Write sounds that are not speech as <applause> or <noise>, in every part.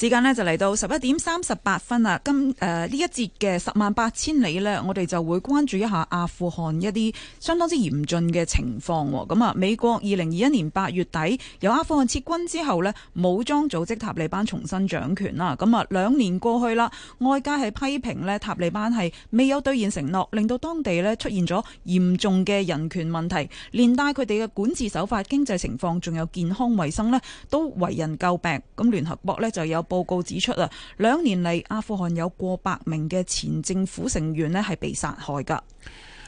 時間呢，就嚟到十一點三十八分啦，今誒呢、呃、一節嘅十萬八千里呢，我哋就會關注一下阿富汗一啲相當之嚴峻嘅情況。咁、嗯、啊，美國二零二一年八月底由阿富汗撤軍之後呢，武裝組織塔利班重新掌權啦。咁、嗯、啊，兩年過去啦，外界係批評呢塔利班係未有兌現承諾，令到當地呢出現咗嚴重嘅人權問題，連帶佢哋嘅管治手法、經濟情況，仲有健康衞生呢，都為人詬病。咁聯合國呢，就有。報告指出啊，兩年嚟阿富汗有過百名嘅前政府成員咧係被殺害噶。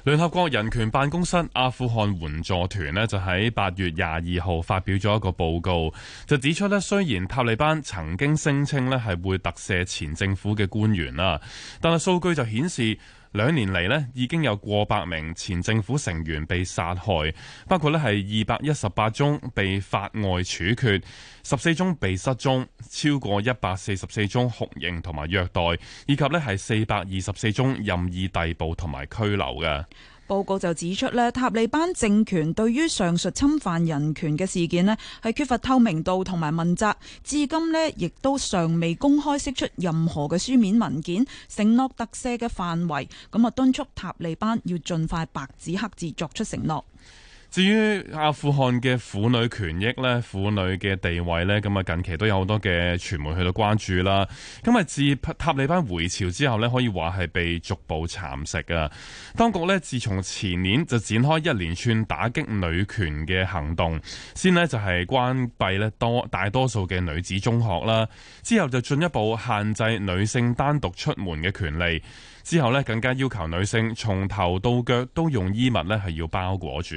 聯合國人權辦公室阿富汗援助團咧就喺八月廿二號發表咗一個報告，就指出咧，雖然塔利班曾經聲稱咧係會特赦前政府嘅官員啦，但係數據就顯示。兩年嚟呢，已經有過百名前政府成員被殺害，包括呢係二百一十八宗被法外處決，十四宗被失蹤，超過一百四十四宗酷刑同埋虐待，以及呢係四百二十四宗任意逮捕同埋拘留嘅。報告就指出呢，塔利班政權對於上述侵犯人權嘅事件呢，係缺乏透明度同埋問責，至今呢亦都尚未公開釋出任何嘅書面文件承諾特赦嘅範圍，咁啊敦促塔利班要盡快白紙黑字作出承諾。至於阿富汗嘅婦女權益咧、婦女嘅地位咧，咁啊近期都有好多嘅傳媒去到關注啦。咁啊自塔利班回朝之後咧，可以話係被逐步蠶食㗎。當局咧，自從前年就展開一連串打擊女權嘅行動，先呢就係關閉咧多大多數嘅女子中學啦，之後就進一步限制女性單獨出門嘅權利。之後咧，更加要求女性從頭到腳都用衣物咧，係要包裹住。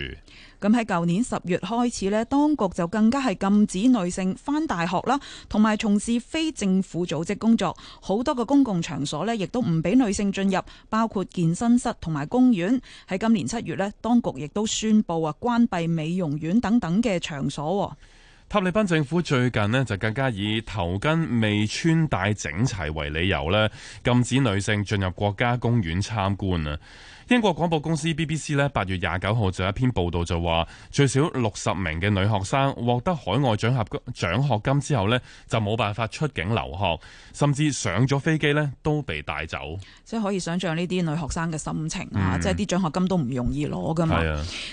咁喺舊年十月開始咧，當局就更加係禁止女性翻大學啦，同埋從事非政府組織工作。好多個公共場所呢，亦都唔俾女性進入，包括健身室同埋公園。喺今年七月呢，當局亦都宣布啊，關閉美容院等等嘅場所。塔利班政府最近呢，就更加以頭巾未穿戴整齊為理由呢，禁止女性進入國家公園參觀啊！英國廣播公司 BBC 咧，八月廿九號就一篇報道就話，最少六十名嘅女學生獲得海外獎學金獎學金之後咧，就冇辦法出境留學，甚至上咗飛機咧都被帶走。即係可以想象呢啲女學生嘅心情啊！嗯、即係啲獎學金都唔容易攞㗎嘛。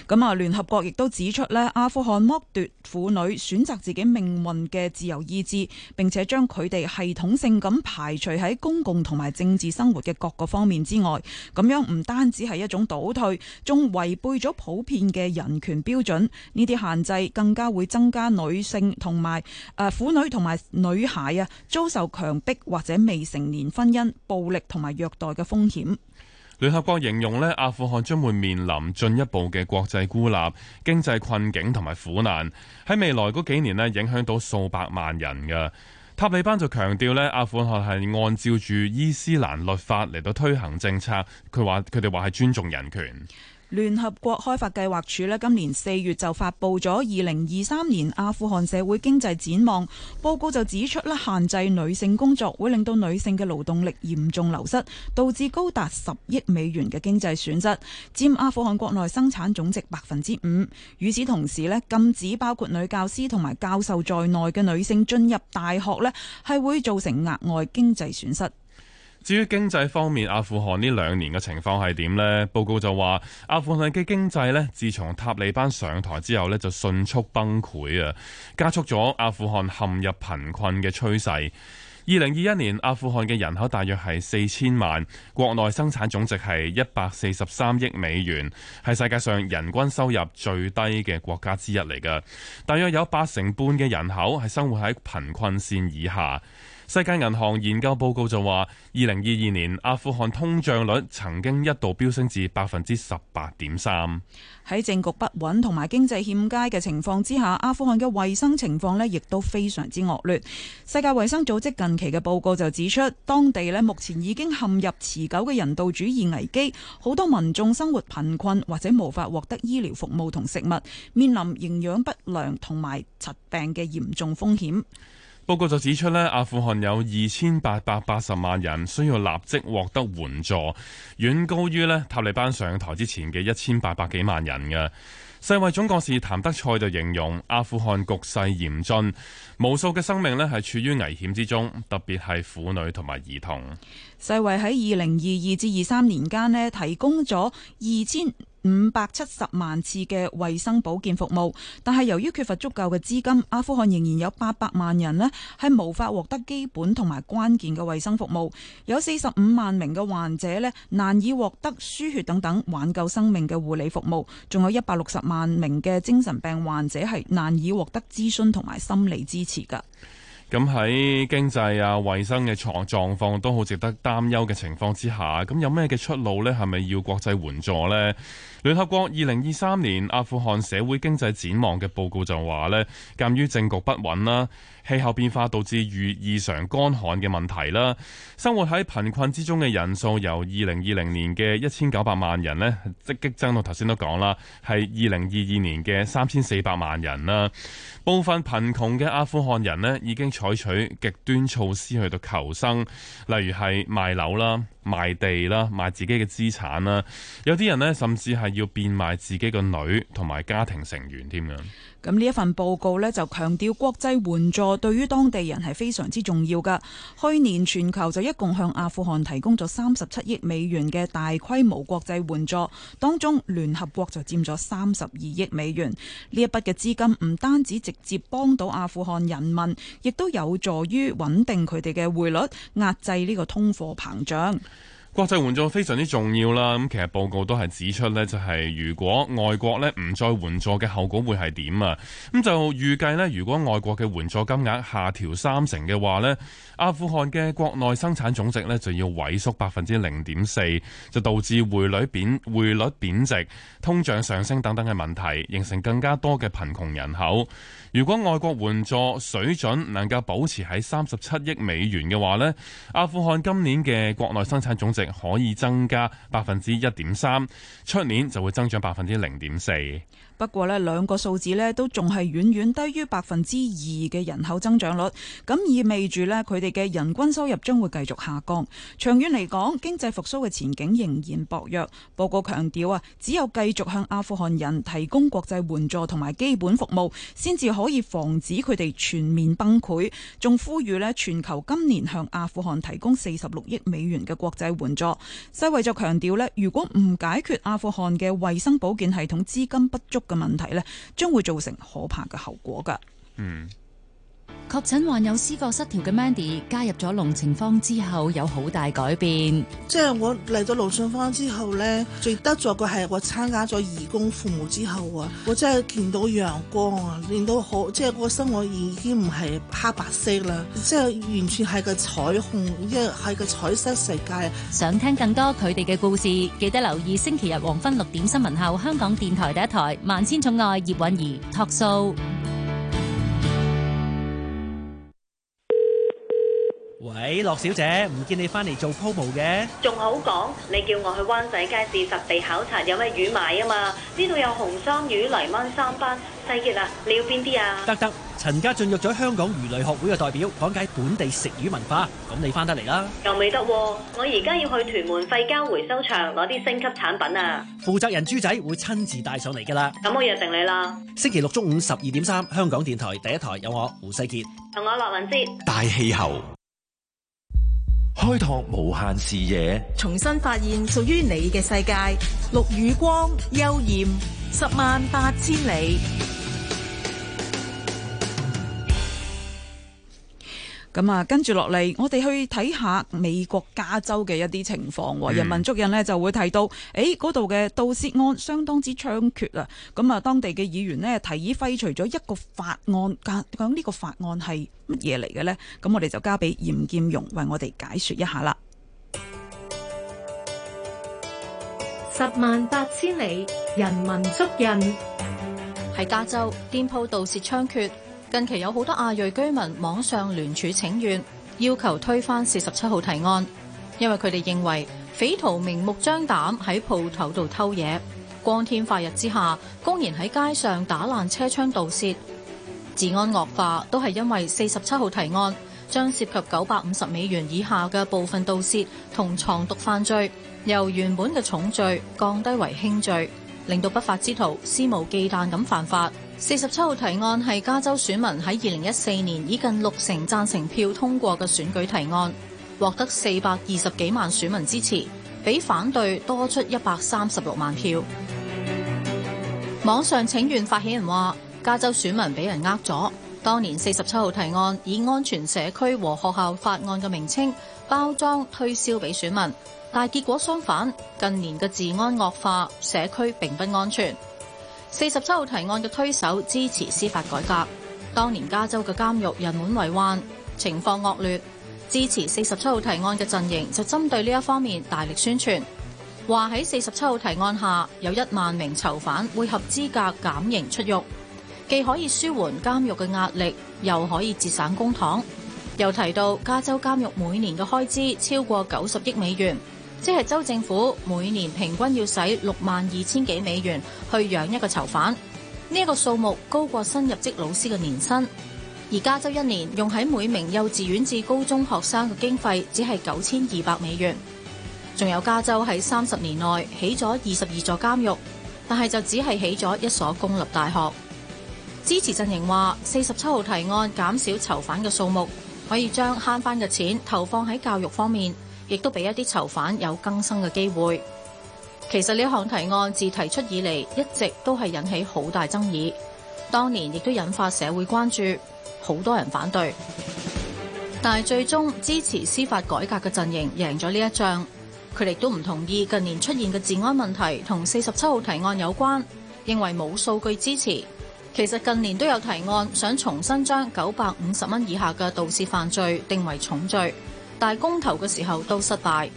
咁啊，聯合國亦都指出咧，阿富汗剝奪婦女選擇自己命運嘅自由意志，並且將佢哋系統性咁排除喺公共同埋政治生活嘅各個方面之外，咁樣唔單止只係一種倒退，仲違背咗普遍嘅人權標準。呢啲限制更加會增加女性同埋誒、婦女同埋女孩啊遭受強迫或者未成年婚姻、暴力同埋虐待嘅風險。聯合國形容咧，阿富汗將會面臨進一步嘅國際孤立、經濟困境同埋苦難，喺未來嗰幾年咧影響到數百萬人嘅。塔利班就強調咧，阿富汗係按照住伊斯蘭律法嚟到推行政策。佢話佢哋話係尊重人權。聯合國開發計劃署呢今年四月就發布咗二零二三年阿富汗社會經濟展望報告，就指出啦，限制女性工作會令到女性嘅勞動力嚴重流失，導致高達十億美元嘅經濟損失，佔阿富汗國內生產總值百分之五。與此同時呢，禁止包括女教師同埋教授在內嘅女性進入大學呢，係會造成額外經濟損失。至於經濟方面，阿富汗呢兩年嘅情況係點呢？報告就話，阿富汗嘅經濟咧，自從塔利班上台之後咧，就迅速崩潰啊，加速咗阿富汗陷入貧困嘅趨勢。二零二一年，阿富汗嘅人口大約係四千萬，國內生產總值係一百四十三億美元，係世界上人均收入最低嘅國家之一嚟㗎。大約有八成半嘅人口係生活喺貧困線以下。世界銀行研究報告就話，二零二二年阿富汗通脹率曾經一度飆升至百分之十八點三。喺政局不穩同埋經濟欠佳嘅情況之下，阿富汗嘅衛生情況呢亦都非常之惡劣。世界衛生組織近期嘅報告就指出，當地呢目前已經陷入持久嘅人道主義危機，好多民眾生活貧困或者無法獲得醫療服務同食物，面臨營養不良同埋疾病嘅嚴重風險。報告就指出咧，阿富汗有二千八百八十萬人需要立即獲得援助，遠高於咧塔利班上台之前嘅一千八百幾萬人嘅。世衛總幹事譚德賽就形容阿富汗局勢嚴峻，無數嘅生命咧係處於危險之中，特別係婦女同埋兒童。世衛喺二零二二至二三年間咧，提供咗二千五百七十萬次嘅衞生保健服務，但係由於缺乏足夠嘅資金，阿富汗仍然有八百萬人呢係無法獲得基本同埋關鍵嘅衞生服務，有四十五萬名嘅患者呢，難以獲得輸血等等挽救生命嘅護理服務，仲有一百六十萬名嘅精神病患者係難以獲得諮詢同埋心理支持㗎。咁喺經濟啊、衞生嘅狀狀況都好值得擔憂嘅情況之下，咁有咩嘅出路呢？係咪要國際援助呢？聯合國二零二三年阿富汗社會經濟展望嘅報告就話呢，鑑於政局不穩啦。氣候變化導致遇異常乾旱嘅問題啦，生活喺貧困之中嘅人數由二零二零年嘅一千九百萬人呢，即激增到頭先都講啦，係二零二二年嘅三千四百萬人啦。部分貧窮嘅阿富汗人呢，已經採取極端措施去到求生，例如係賣樓啦。賣地啦，賣自己嘅資產啦，有啲人呢，甚至係要變賣自己個女同埋家庭成員添樣。咁呢一份報告呢，就強調，國際援助對於當地人係非常之重要噶去年全球就一共向阿富汗提供咗三十七億美元嘅大規模國際援助，當中聯合國就佔咗三十二億美元。呢一筆嘅資金唔單止直接幫到阿富汗人民，亦都有助於穩定佢哋嘅匯率，壓制呢個通貨膨脹。國際援助非常之重要啦，咁其實報告都係指出呢，就係如果外國呢唔再援助嘅後果會係點啊？咁就預計呢，如果外國嘅援助金額下調三成嘅話呢，阿富汗嘅國內生產總值呢就要萎縮百分之零點四，就導致匯率貶，匯率貶值、通脹上升等等嘅問題，形成更加多嘅貧窮人口。如果外國援助水準能夠保持喺三十七億美元嘅話呢，阿富汗今年嘅國內生產總值可以增加百分之一點三，出年就會增長百分之零點四。不過咧，兩個數字咧都仲係遠遠低於百分之二嘅人口增長率，咁意味住咧佢哋嘅人均收入將會繼續下降。長遠嚟講，經濟復甦嘅前景仍然薄弱。報告強調啊，只有繼續向阿富汗人提供國際援助同埋基本服務，先至可以防止佢哋全面崩潰。仲呼籲咧，全球今年向阿富汗提供四十六億美元嘅國際援助。世衛就強調咧，如果唔解決阿富汗嘅衛生保健系統資金不足，嘅問題咧，將會造成可怕嘅後果噶。嗯。確診患有思覺失調嘅 Mandy 加入咗龍情坊之後有好大改變，即係我嚟咗龍情坊之後咧，最得着嘅係我參加咗義工服務之後啊，我真係見到陽光啊，令到好，即係我生活已經唔係黑白色啦，即係完全係個彩虹，一係個彩色世界。想聽更多佢哋嘅故事，記得留意星期日黃昏六點新聞後，香港電台第一台《萬千寵愛葉韻儀》Talk Show。喂，駱小姐，唔見你翻嚟做鋪模嘅，仲好講你叫我去灣仔街市實地考察有咩魚買啊嘛？呢度有紅衫魚、泥鯭三班，西杰啦、啊，你要邊啲啊？得得，陳家俊約咗香港魚類學會嘅代表講解本地食魚文化，咁你翻得嚟啦？又未得，我而家要去屯門廢膠回收場攞啲升級產品啊！負責人豬仔會親自帶上嚟噶啦。咁我約定你啦，星期六中午十二點三，香港電台第一台有我胡世杰同我落雲芝大氣候。開拓無限視野，重新發現屬於你嘅世界。綠與光，幽艷十萬八千里。咁啊，跟住落嚟，我哋去睇下美國加州嘅一啲情況。嗯、人文足印咧就會睇到，誒、哎，嗰度嘅盜竊案相當之猖獗啊！咁啊，當地嘅議員咧提議廢除咗一個法案，講講呢個法案係乜嘢嚟嘅呢？咁我哋就交俾嚴劍蓉為我哋解說一下啦。十萬八千里，人文足印喺加州店鋪盜竊猖獗。近期有好多亞裔居民網上聯署請願，要求推翻四十七號提案，因為佢哋認為匪徒明目張膽喺鋪頭度偷嘢，光天化日之下公然喺街上打爛車窗盜竊，治安惡化都係因為四十七號提案將涉及九百五十美元以下嘅部分盜竊同藏毒犯罪，由原本嘅重罪降低為輕罪，令到不法之徒肆無忌憚咁犯法。四十七號提案係加州選民喺二零一四年以近六成贊成票通過嘅選舉提案，獲得四百二十幾萬選民支持，比反對多出一百三十六萬票。網上請願發起人話：加州選民俾人呃咗，當年四十七號提案以安全社區和學校法案嘅名稱包裝推銷俾選民，但係結果相反，近年嘅治安惡化，社區並不安全。四十七號提案嘅推手支持司法改革。當年加州嘅監獄人滿為患，情況惡劣。支持四十七號提案嘅陣營就針對呢一方面大力宣傳，話喺四十七號提案下，有一萬名囚犯會合資格減刑出獄，既可以舒緩監獄嘅壓力，又可以節省公帑。又提到加州監獄每年嘅開支超過九十億美元。即係州政府每年平均要使六萬二千幾美元去養一個囚犯，呢一個數目高過新入職老師嘅年薪。而加州一年用喺每名幼稚園至高中學生嘅經費只係九千二百美元。仲有加州喺三十年內起咗二十二座監獄，但係就只係起咗一所公立大學。支持陣營話，四十七號提案減少囚犯嘅數目，可以將慳翻嘅錢投放喺教育方面。亦都俾一啲囚犯有更生嘅機會。其實呢項提案自提出以嚟一直都係引起好大爭議，當年亦都引發社會關注，好多人反對。但係最終支持司法改革嘅陣營贏咗呢一仗，佢哋都唔同意近年出現嘅治安問題同四十七號提案有關，認為冇數據支持。其實近年都有提案想重新將九百五十蚊以下嘅盜竊犯罪定為重罪。大公投嘅時候都失敗，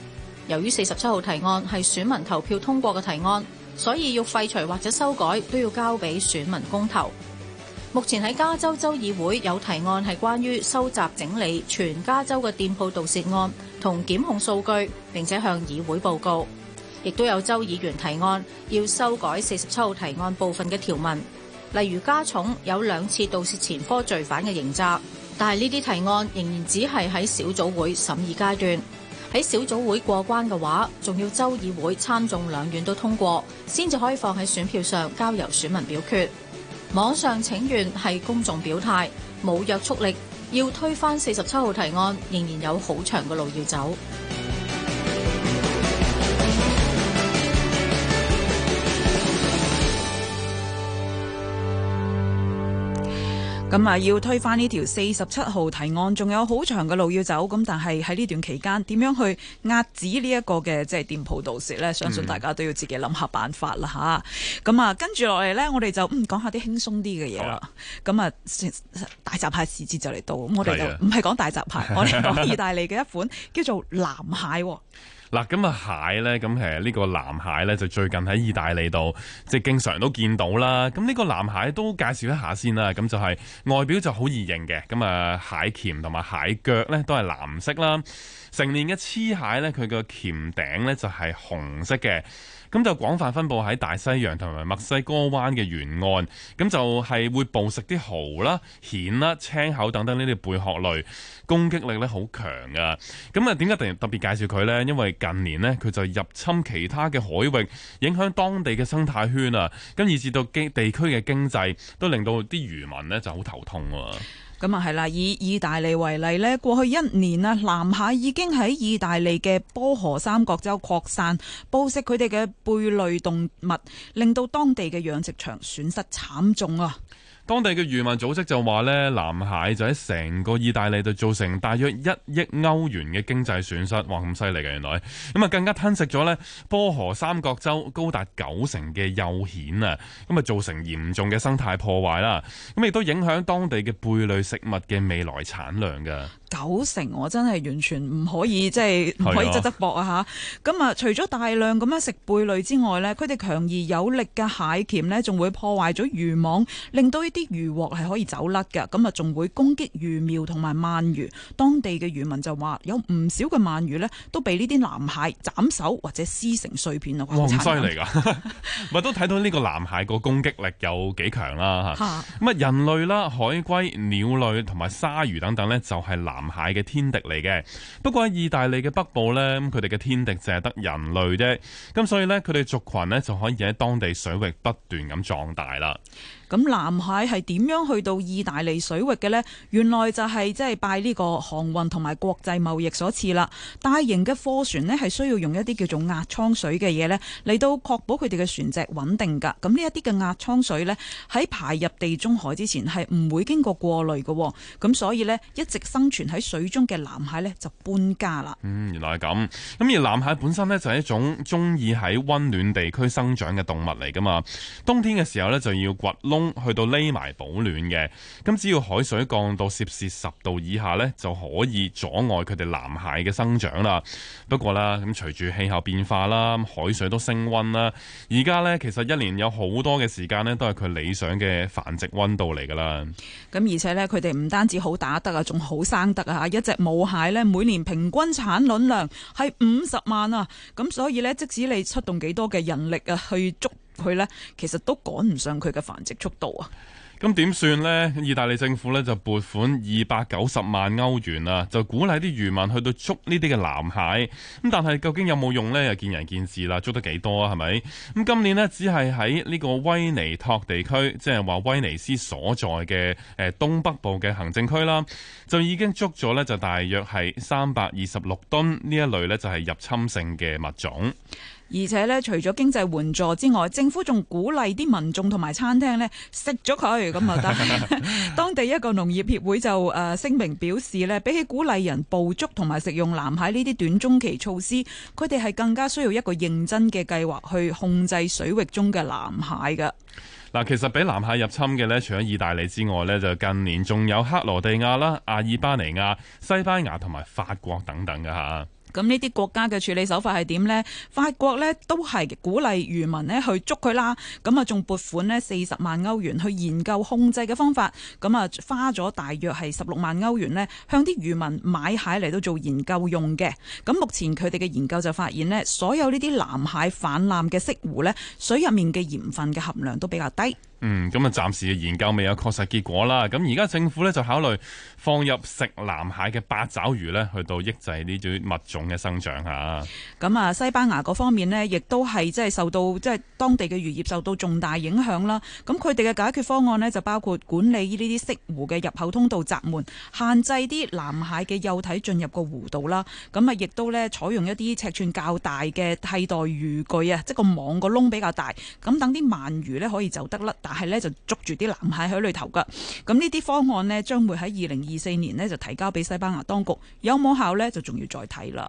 由於四十七號提案係選民投票通過嘅提案，所以要廢除或者修改都要交俾選民公投。目前喺加州州議會有提案係關於收集整理全加州嘅店鋪盜竊案同檢控數據，並且向議會報告。亦都有州議員提案要修改四十七號提案部分嘅條文，例如加重有兩次盜竊前科罪犯嘅刑責。但係呢啲提案仍然只係喺小組會審議階段，喺小組會過關嘅話，仲要州議會、參眾兩院都通過，先至可以放喺選票上交由選民表決。網上請願係公眾表態，冇約束力，要推翻四十七號提案，仍然有好長嘅路要走。咁啊，嗯嗯、要推翻呢條四十七號提案，仲有好長嘅路要走。咁但係喺呢段期間，點樣去壓止呢一個嘅即係店鋪盜竊呢？相信大家都要自己諗下辦法啦吓，咁、嗯、啊，跟住落嚟呢，我哋就嗯講一下啲輕鬆啲嘅嘢啦。咁啊、嗯，大閘蟹時節就嚟到，我哋就唔係講大閘蟹，啊、我哋講意大利嘅一款 <laughs> 叫做藍蟹、哦。嗱，咁啊蟹咧，咁誒呢個藍蟹咧，就最近喺意大利度，即係經常都見到啦。咁呢個藍蟹都介紹一下先啦。咁就係外表就好易認嘅，咁啊蟹鉗同埋蟹腳咧都係藍色啦。成年嘅雌蟹咧，佢個鉗頂咧就係紅色嘅。咁就廣泛分布喺大西洋同埋墨西哥灣嘅沿岸，咁就係會捕食啲蠔啦、蜆啦、青口等等呢啲貝殼類，攻擊力呢好強㗎。咁啊，點解特特別介紹佢呢？因為近年呢，佢就入侵其他嘅海域，影響當地嘅生態圈啊，咁以至到經地區嘅經濟都令到啲漁民呢就好頭痛喎。咁啊，係啦、嗯！以意大利為例呢，過去一年啊，藍蟹已經喺意大利嘅波河三角洲擴散，捕食佢哋嘅貝類動物，令到當地嘅養殖場損失慘重啊！當地嘅漁民組織就話咧，藍蟹就喺成個意大利度造成大約一億歐元嘅經濟損失，哇咁犀利㗎原來！咁啊更加吞噬咗呢波河三角洲高達九成嘅幼蜆啊，咁啊造成嚴重嘅生態破壞啦，咁亦都影響當地嘅貝類食物嘅未來產量㗎。九成我真係完全唔可以，即係唔可以隻隻搏啊！吓咁的啊，除咗大量咁樣食貝類之外呢，佢哋強而有力嘅蟹鉗呢，仲會破壞咗漁網，令到呢啲漁獲係可以走甩嘅。咁啊，仲會攻擊魚苗同埋鰻魚。當地嘅漁民就話，有唔少嘅鰻魚呢，都被呢啲藍蟹斬手或者撕成碎片啊！哇，犀利㗎！咪 <laughs> 都睇到呢個藍蟹個攻擊力有幾強啦吓，咁啊，人類啦、海龜、鳥類同埋鯊魚等等呢，就係藍蟹嘅天敵嚟嘅，不過喺意大利嘅北部咧，咁佢哋嘅天敵淨係得人類啫。咁所以咧，佢哋族群咧，就可以喺當地水域不斷咁壯大啦。咁藍蟹係點樣去到意大利水域嘅咧？原來就係即係拜呢個航運同埋國際貿易所賜啦。大型嘅貨船咧係需要用一啲叫做壓艙水嘅嘢，咧，嚟到確保佢哋嘅船隻穩定噶。咁呢一啲嘅壓艙水咧，喺排入地中海之前係唔會經過過濾嘅。咁所以咧，一直生存。喺水中嘅藍蟹咧就搬家啦。嗯，原來係咁。咁而藍蟹本身咧就係一種鍾意喺溫暖地區生長嘅動物嚟噶嘛。冬天嘅時候咧就要掘窿去到匿埋保暖嘅。咁只要海水降到攝氏十度以下咧就可以阻礙佢哋藍蟹嘅生長啦。不過啦，咁隨住氣候變化啦，海水都升溫啦。而家咧其實一年有好多嘅時間咧都係佢理想嘅繁殖溫度嚟噶啦。咁而且咧佢哋唔單止好打得啊，仲好生得。啊！一隻母蟹呢，每年平均產卵量係五十萬啊，咁所以呢，即使你出動幾多嘅人力啊，去捉佢呢，其實都趕唔上佢嘅繁殖速度啊。咁點算呢？意大利政府咧就撥款二百九十萬歐元啦，就鼓勵啲漁民去到捉呢啲嘅藍蟹。咁但係究竟有冇用呢？又見仁見智啦，捉得幾多啊？係咪？咁今年呢，只係喺呢個威尼托地區，即係話威尼斯所在嘅誒、呃、東北部嘅行政區啦，就已經捉咗呢，就大約係三百二十六噸呢一類呢，就係入侵性嘅物種。而且咧，除咗經濟援助之外，政府仲鼓勵啲民眾同埋餐廳咧食咗佢，咁啊得。 <laughs> 當地一個農業協會就誒、呃、聲明表示咧，比起鼓勵人捕捉同埋食用藍蟹呢啲短中期措施，佢哋係更加需要一個認真嘅計劃去控制水域中嘅藍蟹嘅。嗱，其實畀藍蟹入侵嘅咧，除咗意大利之外咧，就近年仲有克羅地亞啦、亞爾巴尼亞、西班牙同埋法國等等嘅嚇。咁呢啲國家嘅處理手法係點呢？法國呢都係鼓勵漁民呢去捉佢啦。咁啊，仲撥款呢四十萬歐元去研究控制嘅方法。咁啊，花咗大約係十六萬歐元呢，向啲漁民買蟹嚟到做研究用嘅。咁目前佢哋嘅研究就發現呢，所有呢啲藍蟹泛濫嘅色湖呢，水入面嘅鹽分嘅含量都比較低。嗯，咁啊，暫時嘅研究未有確實結果啦。咁而家政府呢，就考慮放入食藍蟹嘅八爪魚呢，去到抑制呢啲物種生長啊，咁啊西班牙嗰方面呢，亦都係即係受到即係當地嘅漁業受到重大影響啦。咁佢哋嘅解決方案呢，就包括管理呢啲色湖嘅入口通道閘門，限制啲藍蟹嘅幼體進入個湖度啦。咁啊，亦都呢採用一啲尺寸較大嘅替代漁具啊，即個網個窿比較大，咁等啲鰻魚呢，可以走得甩，但係呢就捉住啲藍蟹喺裏頭噶。咁呢啲方案呢，將會喺二零二四年呢就提交俾西班牙當局，有冇效呢？就仲要再睇啦。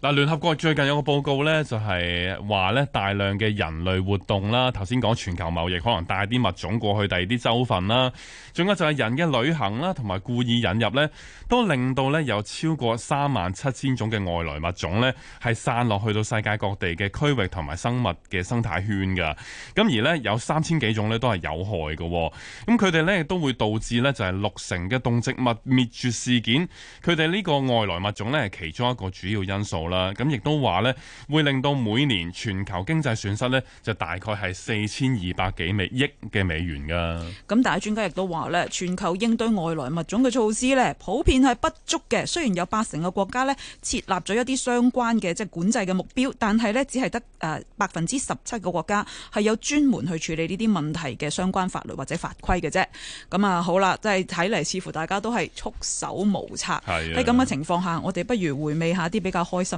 嗱，聯合國最近有個報告咧，就係話咧，大量嘅人類活動啦，頭先講全球貿易可能帶啲物種過去第二啲州份啦，仲有就係人嘅旅行啦，同埋故意引入咧，都令到咧有超過三萬七千種嘅外來物種咧，係散落去到世界各地嘅區域同埋生物嘅生態圈噶。咁而咧有三千幾種咧都係有害嘅，咁佢哋咧都會導致咧，就係六成嘅動植物滅絕事件，佢哋呢個外來物種咧係其中一個主要因素。啦，咁亦都話咧，會令到每年全球經濟損失咧，就大概係四千二百幾美億嘅美元噶。咁但係專家亦都話咧，全球應對外來物種嘅措施咧，普遍係不足嘅。雖然有八成嘅國家咧設立咗一啲相關嘅即係管制嘅目標，但係咧只係得誒百分之十七個國家係有專門去處理呢啲問題嘅相關法律或者法規嘅啫。咁啊好啦，即係睇嚟似乎大家都係束手無策。喺咁嘅情況下，我哋不如回味下啲比較開心